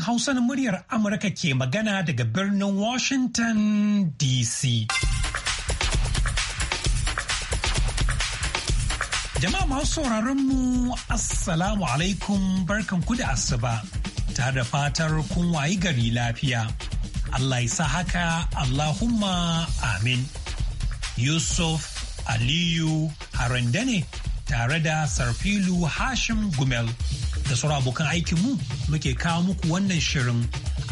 Hausa na muryar Amurka ke magana daga birnin Washington DC. Jama'a masu sauraron mu Assalamu alaikum barkanku da asuba tare da fatar kun wayi gari lafiya. Allah sa haka Allahumma amin. Yusuf Aliyu Harandane tare da Sarfilu Hashim Gumel. da sauran abokan aikinmu muke kawo muku wannan shirin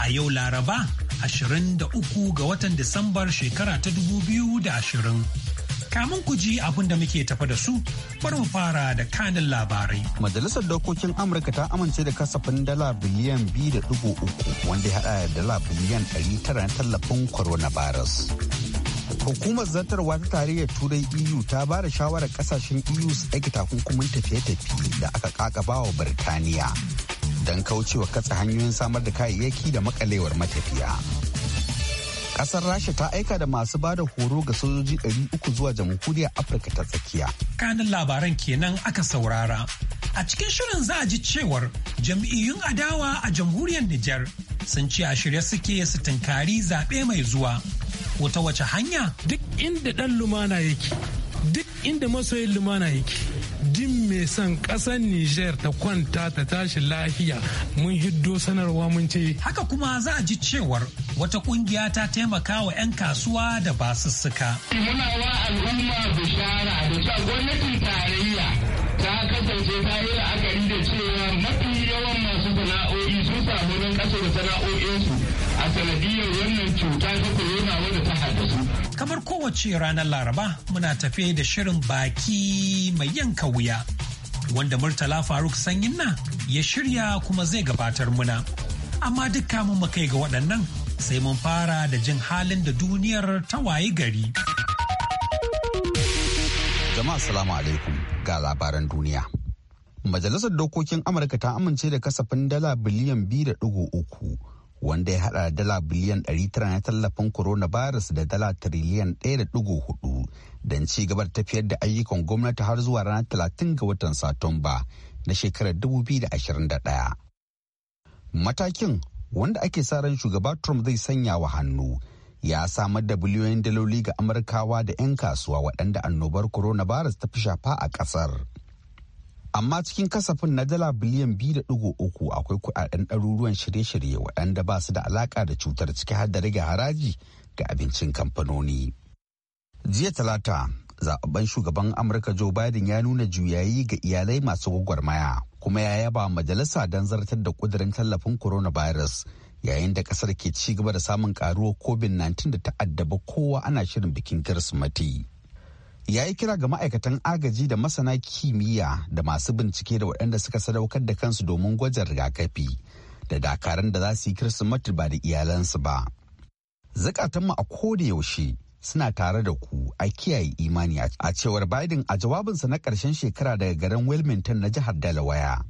a yau laraba 23 ga watan disambar shekara ta 2020 kamun ku ji abin da muke tafa da su bar mu fara da kanin labarai majalisar dokokin amurka ta amince da kasafin dala biliyan 2.3 wanda ya hada da dala biliyan 900 na tallafin coronavirus. virus Hukumar zartarwa ta tarayyar Turai EU ta ba da shawarar kasashen EU su ɗage takunkumin tafiye-tafiye da aka kakaba wa Birtaniya don kaucewa katse hanyoyin samar da kayayyaki da makalewar matafiya. Kasar Rasha ta aika da masu ba da horo ga sojoji 300 zuwa jamhuriyar Afirka ta tsakiya. Kanin labaran kenan aka saurara. A cikin shirin za a ji cewar jam'iyyun adawa a jamhuriyar Nijar sun ce a shirya suke su tunkari zaɓe mai zuwa. wata wace hanya duk inda dan lumana yake duk inda masoyin lumana yake din mai son ƙasar Nijar ta kwanta ta tashi lafiya mun hiddo sanarwa mun ce. Haka kuma za a ji cewar wata ƙungiya ta taimaka wa 'yan kasuwa da basussuka. Muna wa al'umma bishara da cewa gwamnatin tarayya ta kasance ta yi la'akari da cewa mafi sanadiyar wannan cuta ta corona wadda ta haddasu. Kamar kowace ranar Laraba muna tafe da shirin baki mai yanka wuya wanda Murtala Faruk Sanyin na ya shirya kuma zai gabatar muna. Amma dukka mun makai ga waɗannan sai mun fara da jin halin da duniyar ta waye gari. Jama'a salamu alaikum ga labaran duniya. Majalisar Dokokin Amurka ta amince da kasafin dala biliyan biyu da uku. wanda ya hada dala biliyan 900 na tallafin coronavirus da dala tiriliyan 1.4 don ci gaba tafiyar da ayyukan gwamnati har zuwa ranar 30 ga watan satumba na shekarar 2021 matakin wanda ake sa ran shugaba trump zai sanya wa hannu ya samar da biliyoyin daloli ga amurkawa da 'yan kasuwa waɗanda annobar coronavirus ta fi shafa a ƙasar. amma cikin kasafin na dala biliyan biyu da uku akwai kuɗaɗen ɗaruruwan shirye-shirye waɗanda ba su da alaƙa da cutar ciki har da rage haraji ga abincin kamfanoni. Jiya talata, zaɓaɓɓen shugaban Amurka Joe Biden ya nuna juyayi ga iyalai masu gwagwarmaya kuma ya yaba majalisa don zartar da ƙudurin tallafin coronavirus yayin da ƙasar ke ci gaba da samun ƙaruwar COVID-19 da ta'addaba kowa ana shirin bikin Kirsimeti. ya yi kira ga ma'aikatan agaji da masana kimiyya da masu bincike da waɗanda suka sadaukar da kansu domin gwajin rigakafi da dakaran da za su yi kirsimati ba da iyalansu ba. Zukatanmu a koda yaushe suna tare da ku a kiyaye imani a cewar Biden a jawabinsa na ƙarshen shekara daga garin Wilmington na jihar Delaware.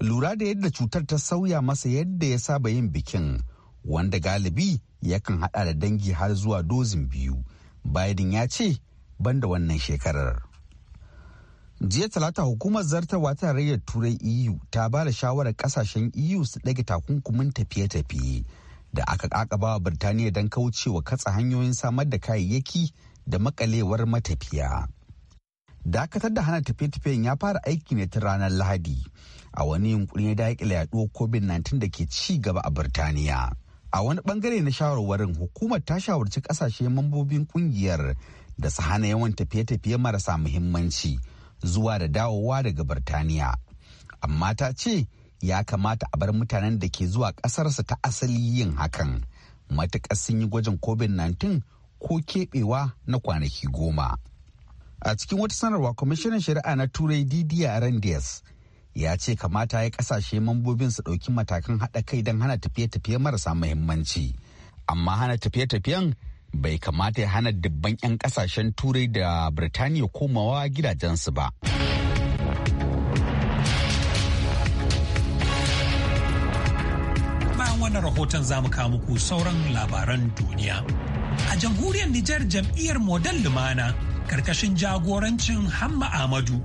Lura da yadda cutar ta sauya masa yadda ya saba yin bikin wanda galibi yakan haɗa da dangi har zuwa dozin biyu. Biden ya ce banda wannan shekarar. jiya talata hukumar zartarwa ta tarayyar turai eu ta ba da shawarar kasashen eu su ɗage takunkumin tafiye-tafiye da aka kakaba wa birtaniya don kaucewa katsa hanyoyin samar da kayayyaki da makalewar matafiya dakatar da hana tafiye-tafiyen ya fara aiki ne ta ranar lahadi a wani yunkuri na daƙile yaduwar covid-19 da ke ci gaba a birtaniya a wani bangare na shawarwarin hukumar ta shawarci kasashe mambobin ƙungiyar. da su hana yawan tafiye-tafiye marasa muhimmanci zuwa da dawowa daga Birtaniya. Amma ta ce ya kamata a bar mutanen da ke zuwa ƙasarsa ta asali yin hakan matuƙar sun yi gwajin COVID-19 ko keɓewa na kwanaki goma. A cikin wata sanarwa kwamishinan shari'a na Turai ddr Rendias ya ce kamata ya kasashe mambobin su ɗauki matakan haɗa kai don hana tafiye-tafiye marasa muhimmanci. Amma hana tafiye-tafiyen bai kamata ya hana dubban 'yan kasashen turai da birtaniya komawa gidajensu ba bayan wannan rahoton za mu kawo muku sauran labaran duniya a jamhuriyar nijar jam'iyyar model lumana karkashin jagorancin hamma amadu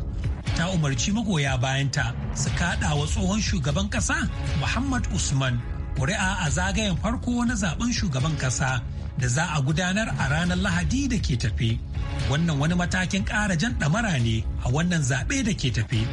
ta umarci magoya bayanta su kaɗa wa tsohon shugaban ƙasa muhammad usman kuri'a a zagayen farko na zaben shugaban ƙasa da za a gudanar a ranar Lahadi da ke tafe. Wannan wani matakin ƙara jan ɗamara ne a wannan zaɓe da ke tafe.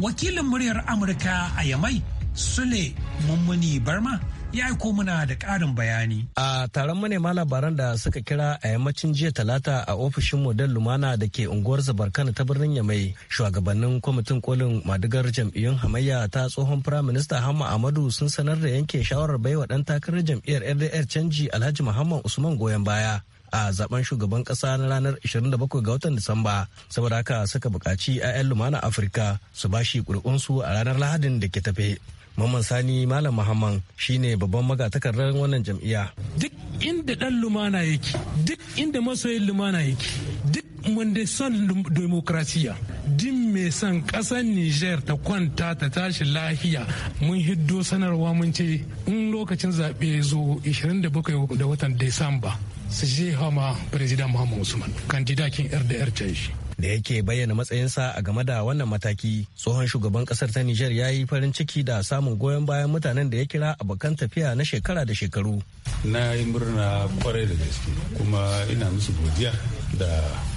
Wakilin muryar Amurka a Yamai, Sule Mummuni Barma ya aiko muna da ƙarin bayani. A taron manema labaran da suka kira a yammacin jiya talata a ofishin model Lumana da ke unguwar Zabarkana ta birnin Yamai, shugabannin kwamitin kolin madigar jam'iyyun hamayya ta tsohon firaminista Hamma amadu sun sanar da yanke shawarar baiwa dan takarar jam'iyyar LDR canji Alhaji Muhammad Usman goyon baya. a zaben shugaban kasa na ranar 27 ga watan Disamba saboda haka suka bukaci 'ya'yan lumana Afirka su bashi ƙuri'unsu a ranar Lahadin da ke tafe. Mamman Sani Malam Muhammad shine babban magatakardar wannan jam'iyya. Duk inda ɗan lumana yake, duk inda masoyin lumana yake, duk wanda son demokrasiya, duk mai son ƙasar niger ta kwanta ta tashi lahiya mun hiddo sanarwa mun ce in lokacin zaɓe zo 27 da watan disamba su je hama President Muhammad Usman, kandidakin RDR yar shi. da yake bayyana matsayinsa a game da wannan mataki tsohon shugaban kasar ta nijar ya yi farin ciki da samun goyon bayan mutanen da ya kira abokan tafiya na shekara da shekaru na yi murna kwarai da gaske kuma ina musu godiya da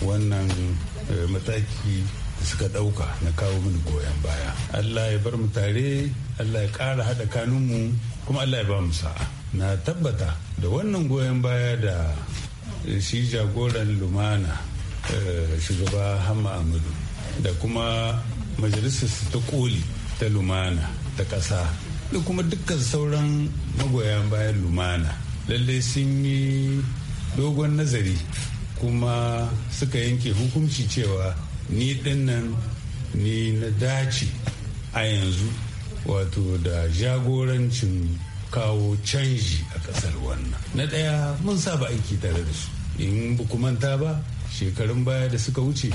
wannan eh, mataki da suka ɗauka na kawo mini goyon baya allah ya bar mu tare allah ya ƙara haɗa kanunmu kuma allah ya ba mu sa'a na tabbata da wannan goyon baya da eh, shi jagoran lumana Eh, shugaba hamma amadu da kuma majalisar ta koli ta lumana ta ƙasa da kuma dukkan sauran magoya bayan lumana lallai sun yi dogon nazari kuma suka yanke hukunci cewa ni dinnan ni na dace a yanzu wato da jagorancin kawo canji a ƙasar wannan na ɗaya mun saba aiki tare da su in ba manta ba shekarun baya da suka wuce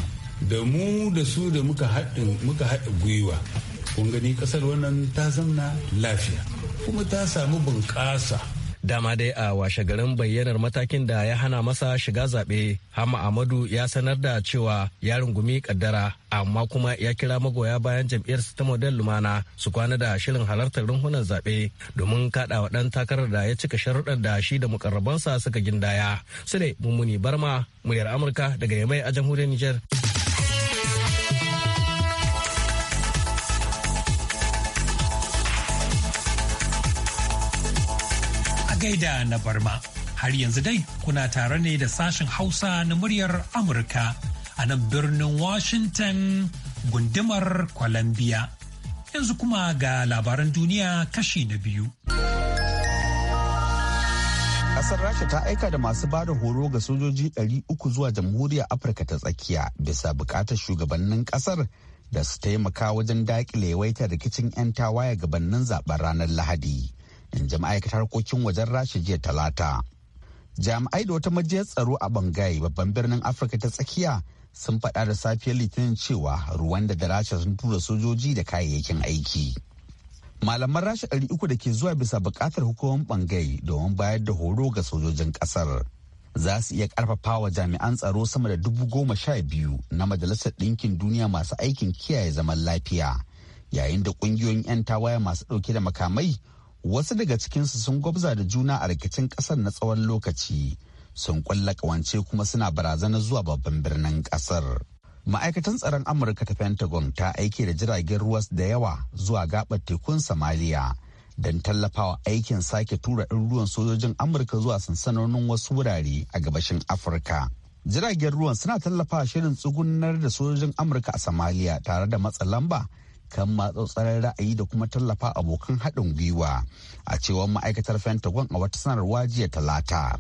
da mu da su da muka haɗa gwiwa kun gani ƙasar wannan ta zamna lafiya kuma ta samu bunƙasa dama dai a washe garin bayyanar matakin da ya hana masa shiga zaɓe hama amadu ya sanar da cewa ya rungumi kaddara amma kuma ya kira magoya bayan jam'iyyar ta model lumana su kwana da shirin halartar runhunan zaɓe domin kaɗa wa ɗan takarar da ya cika sharuɗar da shi da mukarrabansa suka gindaya su ne mummuni barma muryar amurka daga yamai a jamhuriyar niger gaida na barma. Har yanzu dai kuna tare ne da sashen Hausa na muryar Amurka a nan birnin Washington gundumar Columbia. Yanzu kuma ga labaran duniya kashi na biyu. Kasar Rasha ta aika da masu ba da horo ga sojoji 300 zuwa jamhuriyar Afirka ta tsakiya bisa bukatar shugabannin kasar da su taimaka wajen daƙile yawaitar rikicin 'yan tawaye gabanin zaben ranar Lahadi. in ji ma'aikatar harkokin wajen rasha jiya talata jami'ai da wata majiyar tsaro a bangai babban birnin afirka ta tsakiya sun faɗa da safiyar litinin cewa ruwan da rasha sun tura sojoji da kayayyakin aiki malaman rasha ɗari uku da ke zuwa bisa buƙatar hukumar bangai domin bayar da horo ga sojojin ƙasar za su iya ƙarfafa wa jami'an tsaro sama da dubu goma sha biyu na majalisar ɗinkin duniya masu aikin kiyaye zaman lafiya yayin da ƙungiyoyin 'yan tawaye masu ɗauke da makamai wasu daga cikinsu sun gwabza da juna a rikicin kasar na tsawon lokaci sun kwalla kawance kuma suna barazanar zuwa babban birnin kasar ma'aikatan tsaron amurka ta pentagon ta aike da jiragen ruwa da yawa zuwa gabar tekun somalia don tallafawa aikin sake tura ruwan sojojin amurka zuwa sansanonin wasu wurare a gabashin afirka jiragen ruwan suna tallafawa shirin tsugunar da sojojin amurka a somalia tare da matsa lamba kan matsatsarar ra'ayi da kuma tallafa abokan haɗin gwiwa a cewar ma'aikatar pentagon a wata sanarwa jiya talata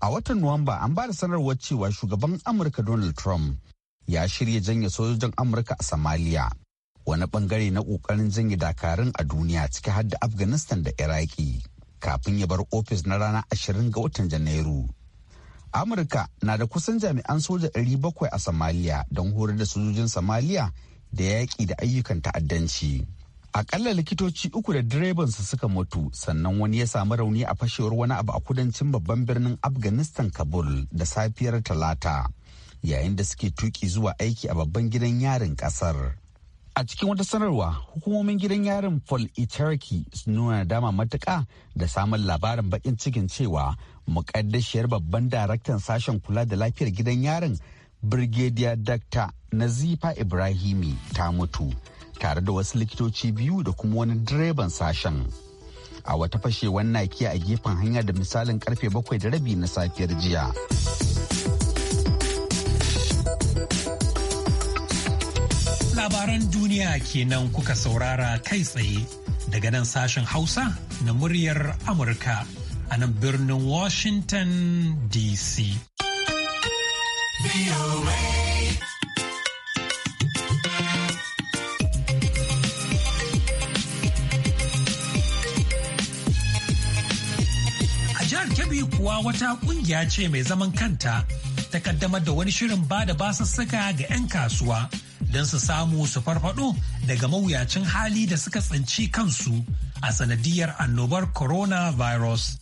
a watan nuwamba an ba da sanarwar cewa shugaban amurka donald trump ya shirya janye sojojin amurka a somalia wani bangare na kokarin janye dakarun a duniya ciki har da afghanistan da iraki kafin ya bar ofis na rana ashirin ga watan janairu amurka na da kusan jami'an soja 700 a somalia don horar da sojojin somalia da yaƙi da ayyukan ta'addanci. Akalla likitoci uku da direbansu suka mutu sannan wani ya samu rauni a fashewar wani abu a kudancin babban birnin Afghanistan Kabul da safiyar Talata yayin da suke tuki zuwa aiki a babban gidan yarin kasar. A cikin wata sanarwa, hukumomin gidan yarin Paul Itarki sun nuna dama matuƙa da samun labarin bakin cikin cewa muƙaddashiyar babban daraktan sashen kula da lafiyar gidan yarin Birgediya Dr. Nazifa Ibrahimi ta mutu tare da wasu likitoci biyu da kuma wani direban sashen. A wata fashe wannan kiya a gefen hanya da misalin karfe bakwai da rabi na safiyar jiya. Labaran duniya kenan kuka saurara kai tsaye daga nan sashen Hausa na muryar Amurka a nan birnin Washington DC. A kuwa wata kungiya ce mai zaman kanta ta kaddamar da wani shirin ba da basassaka ga 'yan kasuwa don su samu su farfado daga mawuyacin hali da suka tsinci kansu a sanadiyar annobar coronavirus.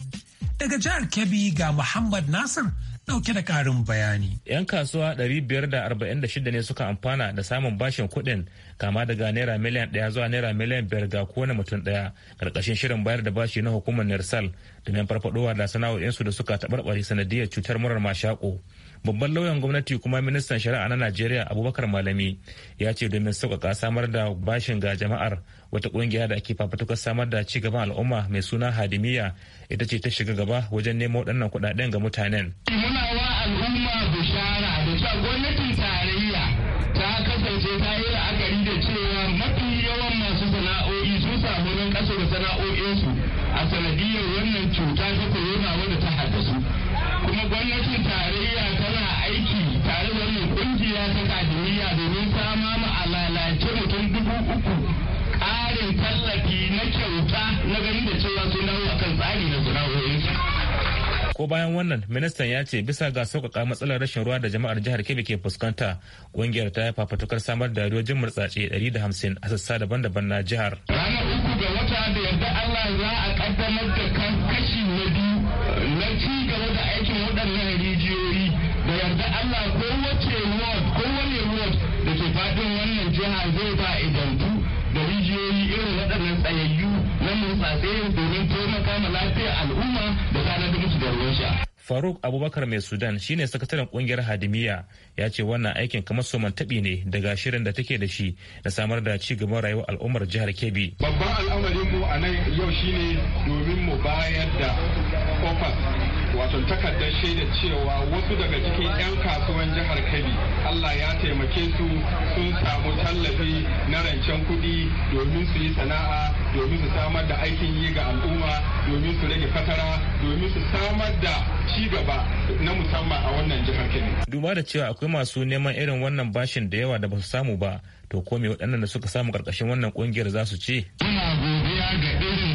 Daga jihar Kebbi ga Muhammad Nasir dauke da karin bayani. 'Yan kasuwa 546 ne suka amfana da samun bashin kuɗin kama daga naira miliyan ɗaya zuwa naira miliyan biyar ga kowane mutum ɗaya ƙarƙashin shirin bayar da bashi na hukumar nersal domin farfaɗowa da sana'o'insu da suka taɓarɓare sanadiyar cutar murar mashaƙo. babban lauyan gwamnati kuma ministan shari'a na najeriya abubakar malami ya ce domin sauƙaƙa samar da bashin ga jama'ar wata ƙungiya da ake fafatukar samar da ci gaban al'umma mai suna hadimiya ita ce ta shiga gaba wajen nemo waɗannan kuɗaɗen ga mutanen. muna wa uku ƙarin tallafi na kyauta na gani da cewa sun dawo a kan tsari na sana'o'insu. ko bayan wannan ministan ya ce bisa ga sauƙaƙa matsalar rashin ruwa da jama'ar jihar kebbi ke fuskanta ƙungiyar ta yi fafatukar samar da dari da 150 a sassa daban-daban na jihar ranar uku ga wata da yarda allah za a kaddamar da kashi na biyu na ci gaba da aikin waɗannan rijiyoyi da yarda allah kowace ward kowane ward da ke faɗin wannan jiha zai ba tsayayyu na motsafe domin taimaka ma lafiyar al'umma da da musu da ruwan sha. Faruk Abubakar mai Sudan shine sakataren kungiyar Hadimiya ya ce wannan aikin kamar soman taɓi ne daga shirin da take da shi na samar da ci gaban rayuwar al'ummar jihar Kebbi. Babban al'amarin mu a nan yau shine domin mu bayar da ofas wato takardar shaida cewa wasu daga cikin 'yan kasuwan jihar Kebbi Allah ya taimake su sun samu tallafi na rancen kuɗi domin su yi sana'a domin su samar da aikin yi ga al'umma domin su rage fatara domin su samar da ci gaba na musamman a wannan jihar kenan. Duba da cewa akwai masu neman irin wannan bashin da yawa da ba su samu ba to ko me waɗannan da suka samu karkashin wannan kungiyar za su ce? Muna godiya ga irin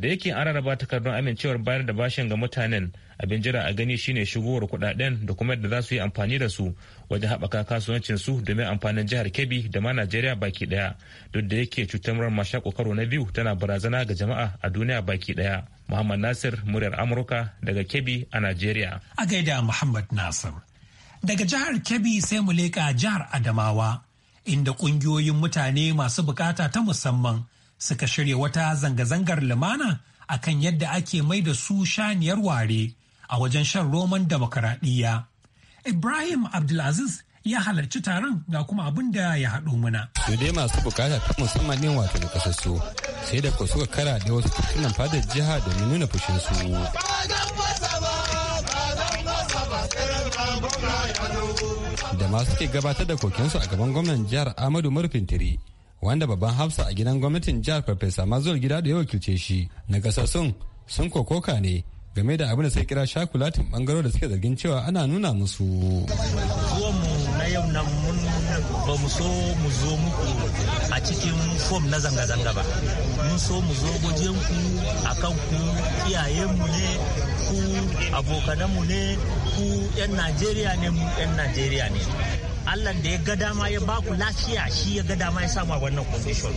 da yake an rarraba takardun amincewar bayar da bashin ga mutanen abin jira a gani shine shigowar kudaden da kuma yadda za su yi amfani da su wajen haɓaka kasuwancin su domin amfanin jihar kebbi da ma najeriya baki daya duk da yake cutar murar mashako karo na biyu tana barazana ga jama'a a duniya baki daya muhammad nasir muryar amurka daga kebbi a najeriya a gaida muhammad nasir daga jihar kebbi sai mu leƙa jihar adamawa inda ƙungiyoyin mutane masu bukata ta musamman suka shirya wata zanga-zangar lumana akan yadda ake mai da su shaniyar ware a wajen shan roman demokaradiyya. Ibrahim Abdulaziz ya halarci taron ga kuma abin da ya haɗo muna. To dai masu bukata ta musamman ne wato da kasassu sai da ku suka kara da wasu titunan fadar jiha domin nuna fushin su. Da masu ke gabatar da kokensu a gaban gwamnan jihar Amadu Murfin Tiri wanda babban hafsa a gidan gwamnatin jihar farfesa mazuwar gida da ya wakilce shi na kasassun sun kokoka ne game da abin da sai kira shakulatin bangaro da suke zargin cewa ana nuna musu na yau nan mun ba mu so mu zo muku a cikin fom na zanga-zanga ba mun so mu zo ku a kan iyayenmu ne ku ne ku 'yan najeriya ne mu 'yan najeriya ne Allah da ya ga dama ya ba ku lafiya shi ya ga dama ya samu a wannan condition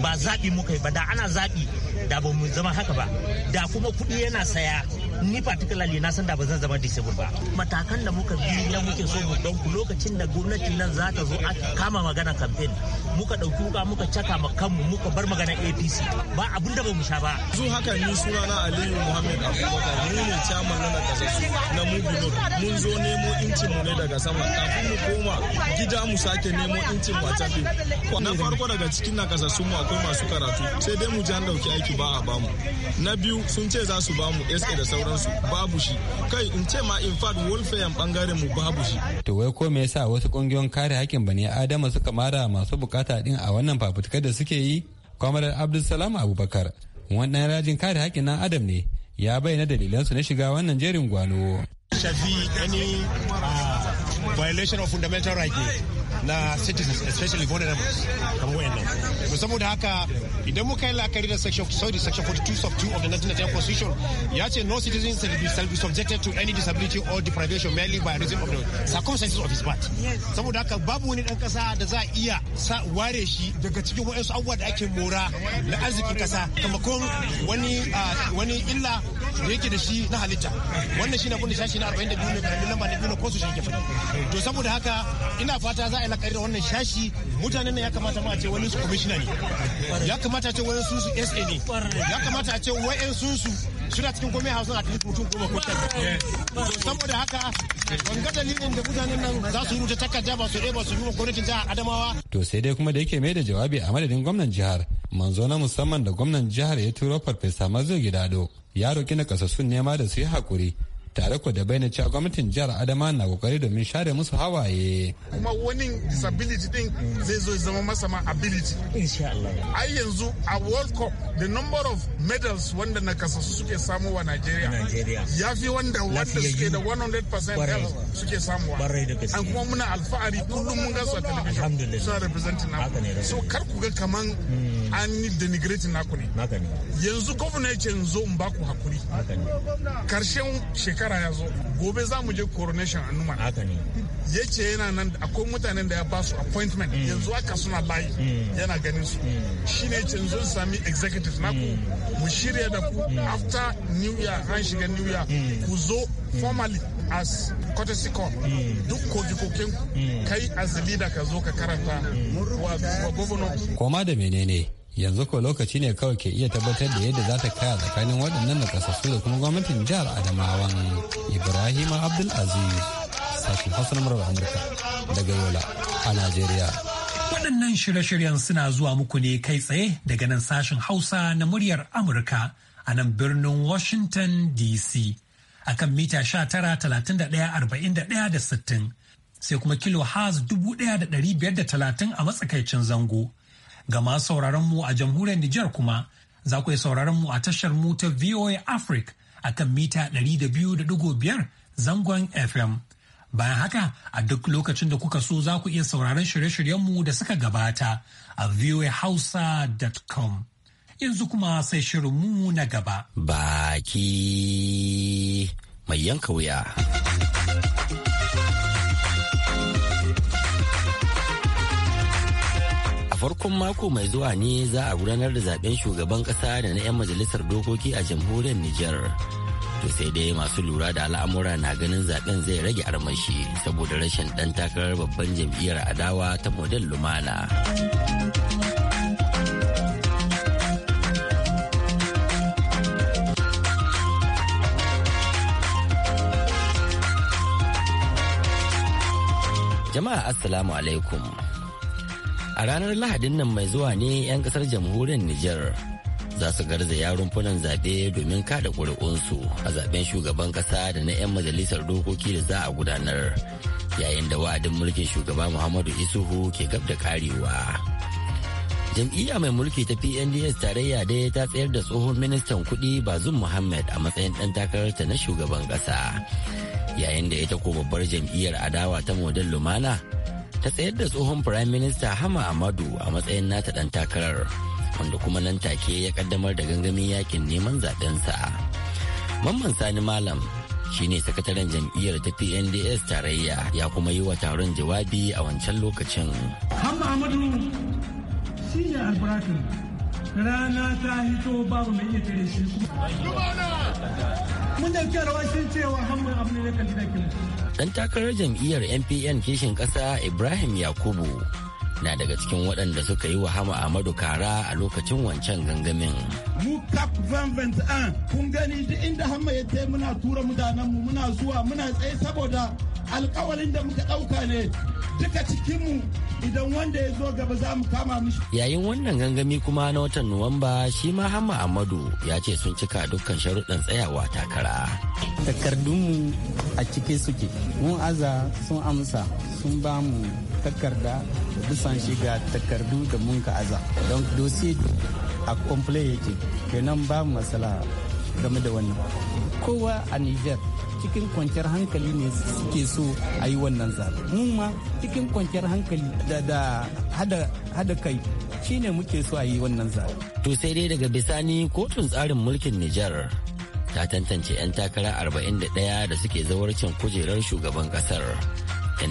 ba zaɓi muka yi ba da ana zaɓi da ba mu zama haka ba da kuma kuɗi yana saya ni particularly na san da ba zan zama disabled ba matakan da muka bi na muke so mu ku lokacin da gwamnati nan za ta zo a kama magana campaign muka dauki wuka muka caka ma kanmu muka bar magana APC ba abun da ba mu sha ba zu haka ni suna na Aliyu Muhammad Abubakar ni ne chairman na na Mubinur mun zo nemo incin mu ne daga sama kafin mu koma gida mu sake nemo incin watafi na farko daga cikin nakasassun mu akwai masu karatu sai dai mu ji an dauki aiki ba a bamu na biyu sun ce za su bamu sa da sauransu babu shi kai in ce ma in fact welfare bangaren mu babu shi to wai ko me yasa wasu kungiyoyin kare hakkin bani adama suka mara masu bukata din a wannan fafutukar da suke yi kwamarar abdulsalam abubakar wannan rajin kare hakkin nan adam ne ya bayyana dalilansu na shiga wannan jerin gwano shafi violation of fundamental right ne na citizens especially vulnerables kamar wayannan to saboda haka idan muka yi la'akari da section sorry section 42 sub 2 of the 1999 constitution ya ce no citizen shall be subjected to any disability or deprivation merely by reason of the circumstances of his birth saboda haka babu wani dan kasa da za a iya ware shi daga cikin wayansu abubuwa da ake mora na arzikin kasa kamakon wani ah, wani illa da yake da shi na halitta wannan shi na kun shashi na 42 ne karamin lamba na biyu na kosu shi ke faɗi to saboda haka ina fata za a yi lakari da wannan shashi mutanen nan ya kamata ma a ce wani su commissioner ne ya kamata a ce wani su su sa ne ya kamata a ce wa'yan su suna cikin komai hausa a cikin mutum goma ko saboda haka wanga dalilin da mutanen nan za su rubuta takarda ba su ba su yi gwamnatin jihar adamawa to sai dai kuma da yake mai da jawabi a madadin gwamnan jihar manzo na musamman da gwamnan jihar ya turo farfesa mazo gidado ya roki na kasassun nema da su yi hakuri tare ko da bayyana cewa gwamnatin jihar adama na kokari domin share musu hawaye kuma wani disability din zai zo zama masa ma ability ai yanzu a world cup the number of medals wanda na kasa suke wa nigeria ya fi wanda wanda suke da 100% health suke samu wa an kuma muna alfahari kullum mun gasu a television suna representing na so kar ku ga kaman hmm. an yi denigrating naku ne yanzu gwamna ya ce yanzu in baku hakuri karshen shekara shekara ya zo gobe za mu je coronation a numan haka ne ya ce yana nan akwai mutanen da ya ba su appointment mm. yanzu haka suna layi mm. yana ganin su mm. shi ne ce zo sami executive naku mu shirya da ku after new year an shiga new year ku zo formally as courtesy call duk koki koken kai as leader ka zo ka karanta wa governor koma da menene yanzu ko lokaci ne kawai ke iya tabbatar da yadda za ta kaya tsakanin waɗannan nakasassu da kuma gwamnatin jihar adamawan ibrahim abdul aziz sashen hausa murar amurka daga yola a najeriya waɗannan shirye-shiryen suna zuwa muku ne kai tsaye daga nan sashen hausa na muryar amurka a nan birnin washington dc akan mita talatin da sittin sai kuma kilo has 1,530 a matsakaicin zango Ga masu sauraron mu a jamhuriyar Nijar kuma za ku sauraron mu a tashar mu ta VOA Africa a kan mita 200.5 zangon FM. Bayan haka a duk lokacin da kuka so za ku iya sauraron shirye shiryen mu da suka gabata a voahausa.com. Yanzu kuma sai shirin mu na gaba. Baki mai yanka wuya. farkon mako mai zuwa ne za a gudanar da zaben shugaban kasa da na 'yan majalisar dokoki a jamhuriyar Nijar. To sai dai masu lura da al'amura na ganin zaben zai rage armashi saboda rashin dan takarar babban jam'iyyar adawa ta model lumana. Jama'a Assalamu alaikum. A ranar Lahadin nan mai zuwa ne 'yan kasar jamhuriyar Nijar za su garzaya rumfunan zaɓe domin kada ƙuri'unsu a zaɓen shugaban ƙasa da na 'yan majalisar dokoki da za a gudanar yayin da wa'adin mulkin shugaba Muhammadu Isuhu ke gab da karewa. Jam'iyya mai mulki ta PNDS tarayya dai ta tsayar da tsohon ministan kuɗi Bazum Muhammad a matsayin ɗan takararta na shugaban ƙasa. Yayin da ita ko babbar jam'iyyar adawa ta Model Lumana ta tsayar da tsohon Minister hama amadu a matsayin nata dan takarar wanda kuma nan take ya kaddamar da gangamin yakin neman sa mamman sani malam shine sakataren jam'iyyar ta pnds tarayya ya kuma yi wa taron jawabi a wancan lokacin hama amadu shi ne albarkar rana ta hito babu mai iya tare shi mun dauki ce cewa hamu abin da kan gidan Dan takarar jam'iyyar NPN kishin ƙasa Ibrahim Yakubu na daga cikin waɗanda suka yi wa hama Ahmadu Kara a lokacin wancan gangamin. Mu CAP 2021 kun gani duk inda hama ya ce muna tura mutanenmu muna zuwa muna tsaye saboda alkawalin da muka ɗauka ne duka cikinmu idan wanda ya zo gaba za mu kama mishi. Yayin wannan gangami kuma na watan Nuwamba shi ma Hamma Ahmadu ya ce sun cika dukkan sharuɗan tsayawa takara. Takardunmu a cike suke, mun aza sun amsa sun ba mu takarda da dusan ga takardu da mun ka aza don dosi a komple yake kenan ba mu matsala game da wannan kowa a niger cikin kwanciyar hankali ne suke so a yi wannan zaɓe mun ma cikin kwanciyar hankali da da hada kai shine muke so a yi wannan zaɓe to sai dai daga bisani kotun tsarin mulkin niger ta tantance 'yan takara 41 da suke zawarcin kujerar shugaban kasar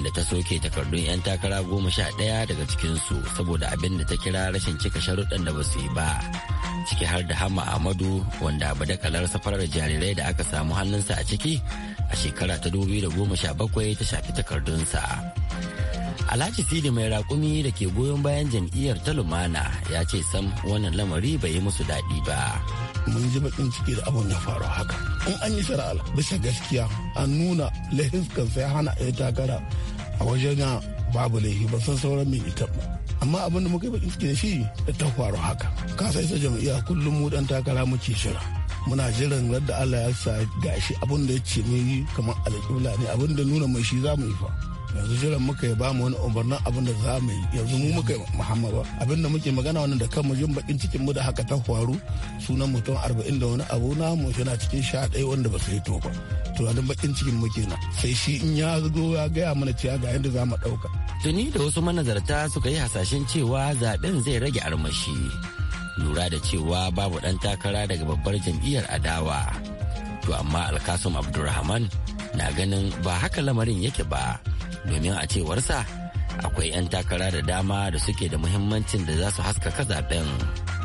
da ta soke takardun 'yan takara goma sha ɗaya daga cikinsu saboda abin da ta kira rashin cika sharuɗan da ba su yi ba ciki har da hama amadu wanda kalar safarar jarirai da aka samu hannunsa a ciki a shekara ta da sha bakwai ta shafi takardunsa alhaji sidi mai raƙumi da ke goyon bayan jam'iyyar ta lumana ya ce sam wannan lamari bai yi musu daɗi ba mun ji bakin ciki da abin da faru haka in an yi shari'a bisa gaskiya an nuna kan sai hana yi takara a wajen babu laifi ba san sauran mai ita ba amma abin da muka yi bakin ciki da shi da ta faru haka ka sai sa jam'iyya kullum mu dan takara muke shira muna jiran da Allah ya sa gashi abin da ya ce mai yi kamar alƙibla ne abin da nuna mai shi za mu yi fa yanzu jiran muka ya bamu wani umarnin abin da za mu yi yanzu mu muka muhammadu abin da muke magana wani da kan mujin bakin cikin mu da haka ta faru sunan mutum arba'in da wani abu na mu yana cikin sha ɗaya wanda ba su yi to ba to wani bakin cikin mu kenan sai shi in ya zo ya gaya mana cewa ga yadda za mu ɗauka. tuni da wasu manazarta suka yi hasashen cewa zaɓen zai rage armashi lura da cewa babu ɗan takara daga babbar jam'iyyar adawa to amma alkasum abdulrahman na ganin ba haka lamarin yake ba domin a cewarsa akwai 'yan takara da dama da suke da muhimmancin da za su haskaka zaben.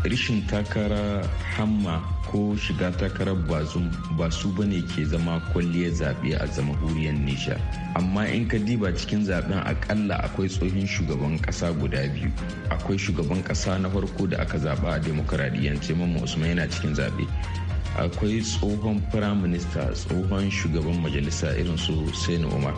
rishin takara hamma ko shiga takarar bazum ba su bane ke zama kwalliyar zaɓe a jamhuriyar nisha amma in ka diba cikin zaɓen akalla akwai tsohon shugaban ƙasa guda biyu akwai shugaban ƙasa na farko da aka zaɓa a demokuraɗiyyance mamman usman yana cikin zaɓe akwai tsohon firaminista tsohon shugaban majalisa irin su sani umar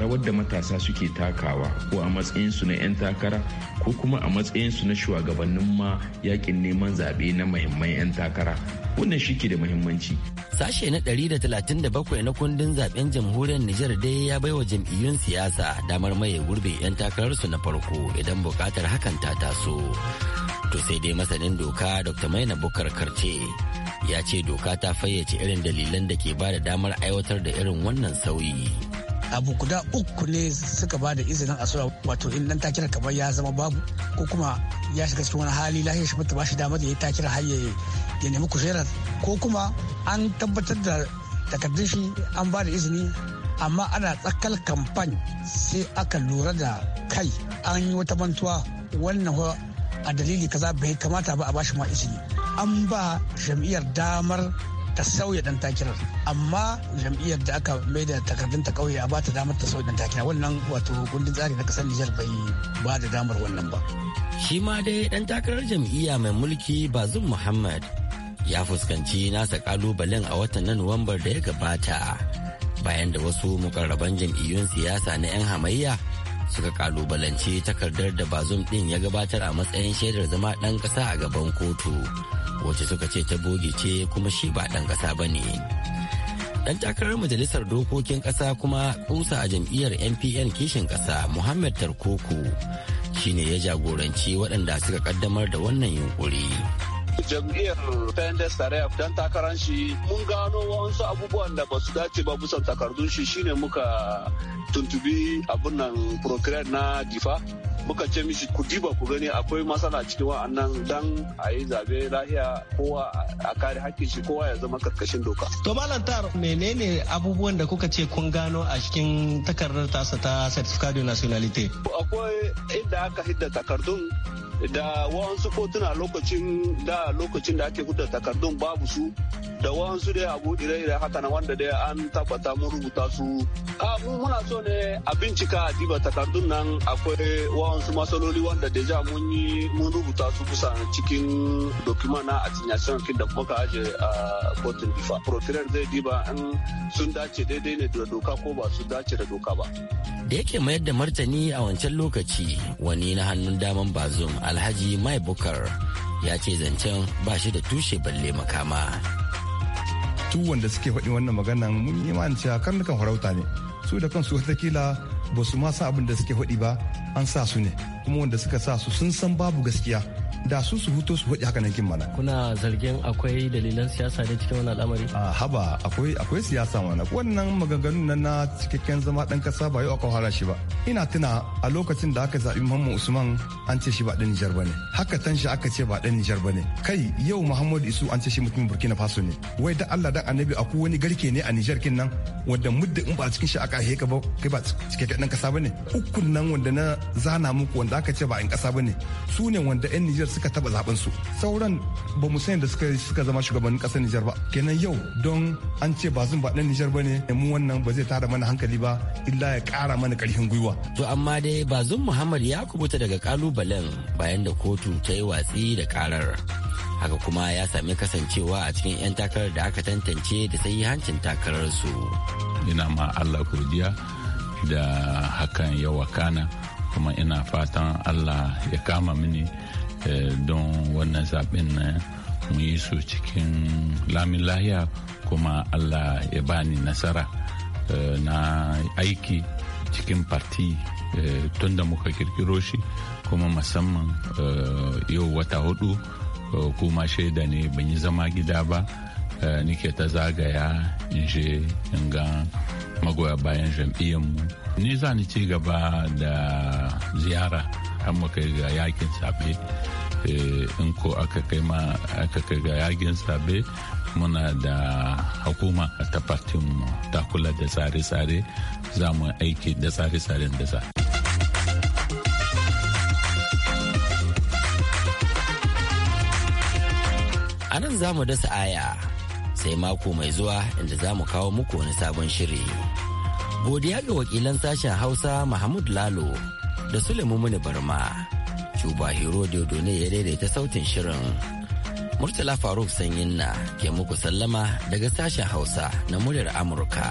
rawar da matasa suke takawa ko a matsayinsu na 'yan takara ko kuma a matsayinsu na shugabannin ma yakin neman zaɓe na mahimman 'yan takara wannan shi ke da mahimmanci sashe na 137 na kundin zaben jamhuriyar Nijar dai ya baiwa jam'iyyun siyasa damar maye gurbe 'yan takararsu na farko idan bukatar hakan ta taso. To sai dai masanin doka Dr. Maina Bukar Karce ya ce doka ta fayyace irin dalilan da ke ba da damar aiwatar da irin wannan sauyi. abu guda uku ne suka ba da izinin a sura wato in dan takira kamar ya zama babu ko kuma ya shiga cikin wani hali lahiyar shi mutu ba shi damar da ya takira har ya nemi kujerar ko kuma an tabbatar da takardun shi an ba da izini amma ana tsakal kamfan sai aka lura da kai an yi wata mantuwa wannan a dalili kaza bai kamata ba a bashi ma izini an ba jam'iyyar damar ta sauya dan takirar amma jam'iyyar da aka mai da takardun ta kauye a bata damar ta sauya dan takirar wannan wato gundun tsari na kasar Nijar bai ba da damar wannan ba shi ma dai dan takarar jam'iyya mai mulki Bazum Muhammad ya fuskanci nasa kalubalen a watan na Nuwambar da ya gabata bayan da wasu mukarraban jam'iyyun siyasa na 'yan hamayya suka kalubalance takardar da bazum din ya gabatar a matsayin shaidar zama ɗan ƙasa a gaban kotu wacce suka ce ta bogi ce kuma shi ba ɗan ƙasa ba ne. Ɗan takarar majalisar dokokin ƙasa kuma kusa a jam'iyyar NPN kishin ƙasa Muhammad Tarkoko shine ya jagoranci waɗanda suka ƙaddamar da wannan yunkuri jam'iyyar fendes tarayya don takarar shi mun gano wasu abubuwan da ba su dace ba bisa takardun shi shine muka tuntubi abun nan procreate na difa muka ce mishi ku diba ku gani akwai matsala cikin wa'annan dan a yi zabe lahiya kowa a kare hakkin shi kowa ya zama karkashin doka. To Malam Tar menene abubuwan da kuka ce kun gano a cikin takardar tasa ta de Nationalite? Akwai inda aka hidda takardun da wasu kotuna lokacin da lokacin da ake hudda takardun babu su da wasu da abu ire-ire haka na wanda dai an tabbata mun rubuta su. A muna so ne a bincika a diba takardun nan akwai wasu matsaloli wanda ja mun yi mun rubuta su kusa cikin document na assignation kin da kuma aje a kotun difa procureur zai diba an sun dace daidai ne da doka ko ba su dace da doka ba da yake mayar da martani a wancan lokaci wani na hannun daman bazum alhaji mai bukar ya ce zancen ba shi da tushe balle makama duk wanda suke faɗi wannan maganan mun yi cewa karnukan farauta ne su da kansu watakila ba su ma sa abin da suke faɗi ba an sa su ne kuma wanda suka sa su sun san babu gaskiya da su su huto su faɗi haka nan kin mana kuna zargin akwai dalilan siyasa ne cikin wannan al'amari a ah, haba akwai akwai siyasa mana. wannan maganganun na na cikakken zama dan kasa ba yau aka fara shi ba ina tuna a lokacin da aka zaɓi Muhammad Usman an ce shi ba ɗan Nijar bane haka tan shi aka ce ba ɗan Nijar bane kai yau Muhammad Isu an ce shi mutumin Burkina Faso ne wai da Allah dan Annabi akwai wani garke ne a Nijar kin nan wanda mudda in ba cikin shi aka heka ba kai ba cikakken dan kasa bane ukun nan wanda na zana muku wanda aka ce ba in kasa bane su ne wanda yan Nijar suka taɓa zaɓen su sauran ba mu san da suka suka zama shugaban ƙasar Nijar ba kenan yau don an ce ba zan ba dan Nijar bane mu wannan ba zai tara mana hankali ba illa ya kara mana karfin gwiwa to amma dai bazin Muhammad ya kubuta daga kalubalen bayan da kotu ta yi watsi da karar haka kuma ya sami kasancewa a cikin 'yan takarar da aka tantance da sai hancin takarar su. ina ma Allah godiya da hakan ya wakana kuma ina fatan Allah ya kama mini Eh, don wannan zaɓen na mu yi su cikin lamin lahiya kuma allah ya bani nasara eh, na aiki cikin parti eh, tun da muka kirkiro shi kuma musamman yau wata hudu kuma shaida ne ban yi zama gida ba nike ta zagaya in je in ga magoya bayan mu. ni za ni ci gaba da ziyara har kai ga yakin sabe eh, in ko aka kai ma aka kai ga yakin sabe muna da hukuma a mu ta kula da tsare-tsare za mu aiki da tsare-tsaren da za. A nan za mu dasa aya sai mako mai zuwa inda za mu kawo muku wani sabon shiri. Godiya ga wakilan sashen Hausa Mahmud Lalo. da lemu Muni Barma. Cuba Hero Dodo ne ya daidaita sautin shirin. Murtala Faruk Sanyin na ke muku sallama daga sashen Hausa na muryar Amurka.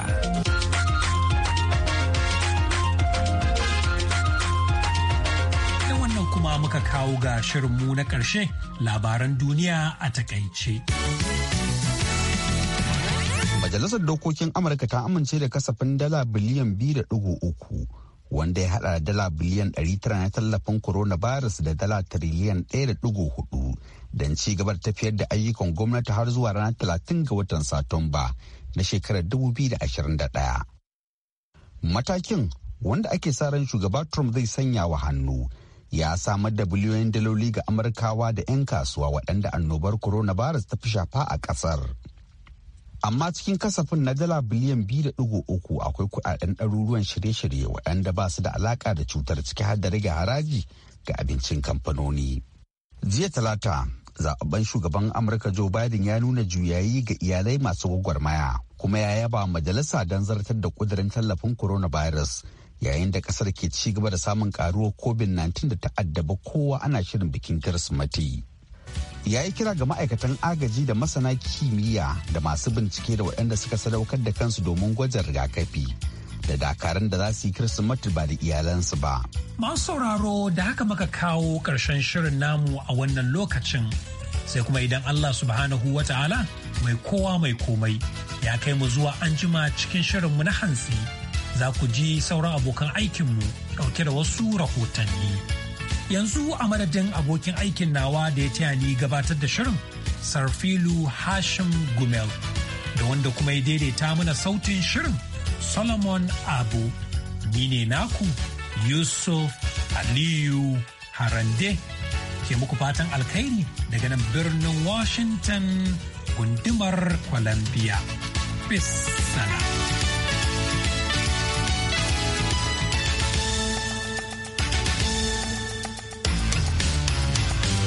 Da wannan kuma muka kawo ga shirinmu na ƙarshe labaran duniya a takaice. Majalisar Dokokin Amurka ta amince da kasafin dala biliyan 2.3 wanda ya hada dala biliyan 900 na tallafin coronavirus da dala tiriliyan 1.4 don ci gabar tafiyar da ayyukan gwamnati har zuwa ranar 30 ga watan satumba na shekarar 2021. Matakin wanda ake sa ran shugaba Trump zai sanya wa hannu ya samar da biliyoyin daloli ga Amurkawa da 'yan kasuwa waɗanda annobar coronavirus ta fi shafa a ƙasar. amma cikin kasafin na dala biliyan biyu da uku akwai kuɗaɗen ɗaruruwan shirye-shirye waɗanda ba su da alaƙa da cutar ciki har da rage haraji ga abincin kamfanoni. Jiya talata zaɓaɓɓen shugaban Amurka Joe Biden ya nuna juyayi ga iyalai masu gwagwarmaya kuma ya yaba majalisa don zartar da ƙudurin tallafin coronavirus yayin da ƙasar ke ci gaba da samun ƙaruwar COVID-19 da ta'addaba kowa ana shirin bikin Kirsimeti. ya yi kira ga ma'aikatan agaji da masana kimiyya da masu bincike da waɗanda suka sadaukar da kansu domin gwajin rigakafi da dakarun da za su yi kirsimati ba da iyalansu ba. Masu sauraro da haka muka kawo ƙarshen shirin namu a wannan lokacin sai kuma idan Allah subhanahu wa ta'ala mai kowa mai komai ya kai mu zuwa an jima cikin shirinmu na hantsi za ku ji sauran abokan aikinmu ɗauke da wasu rahotanni. Yanzu a madadin abokin aikin nawa da ya taya ni gabatar da shirin Sarfilu Hashim Gumel da wanda kuma ya daidaita mana sautin shirin Solomon Abu. Ni ne naku Yusuf Aliyu Harande ke muku fatan alkhairi daga nan birnin Washington gundumar Columbia. Peace.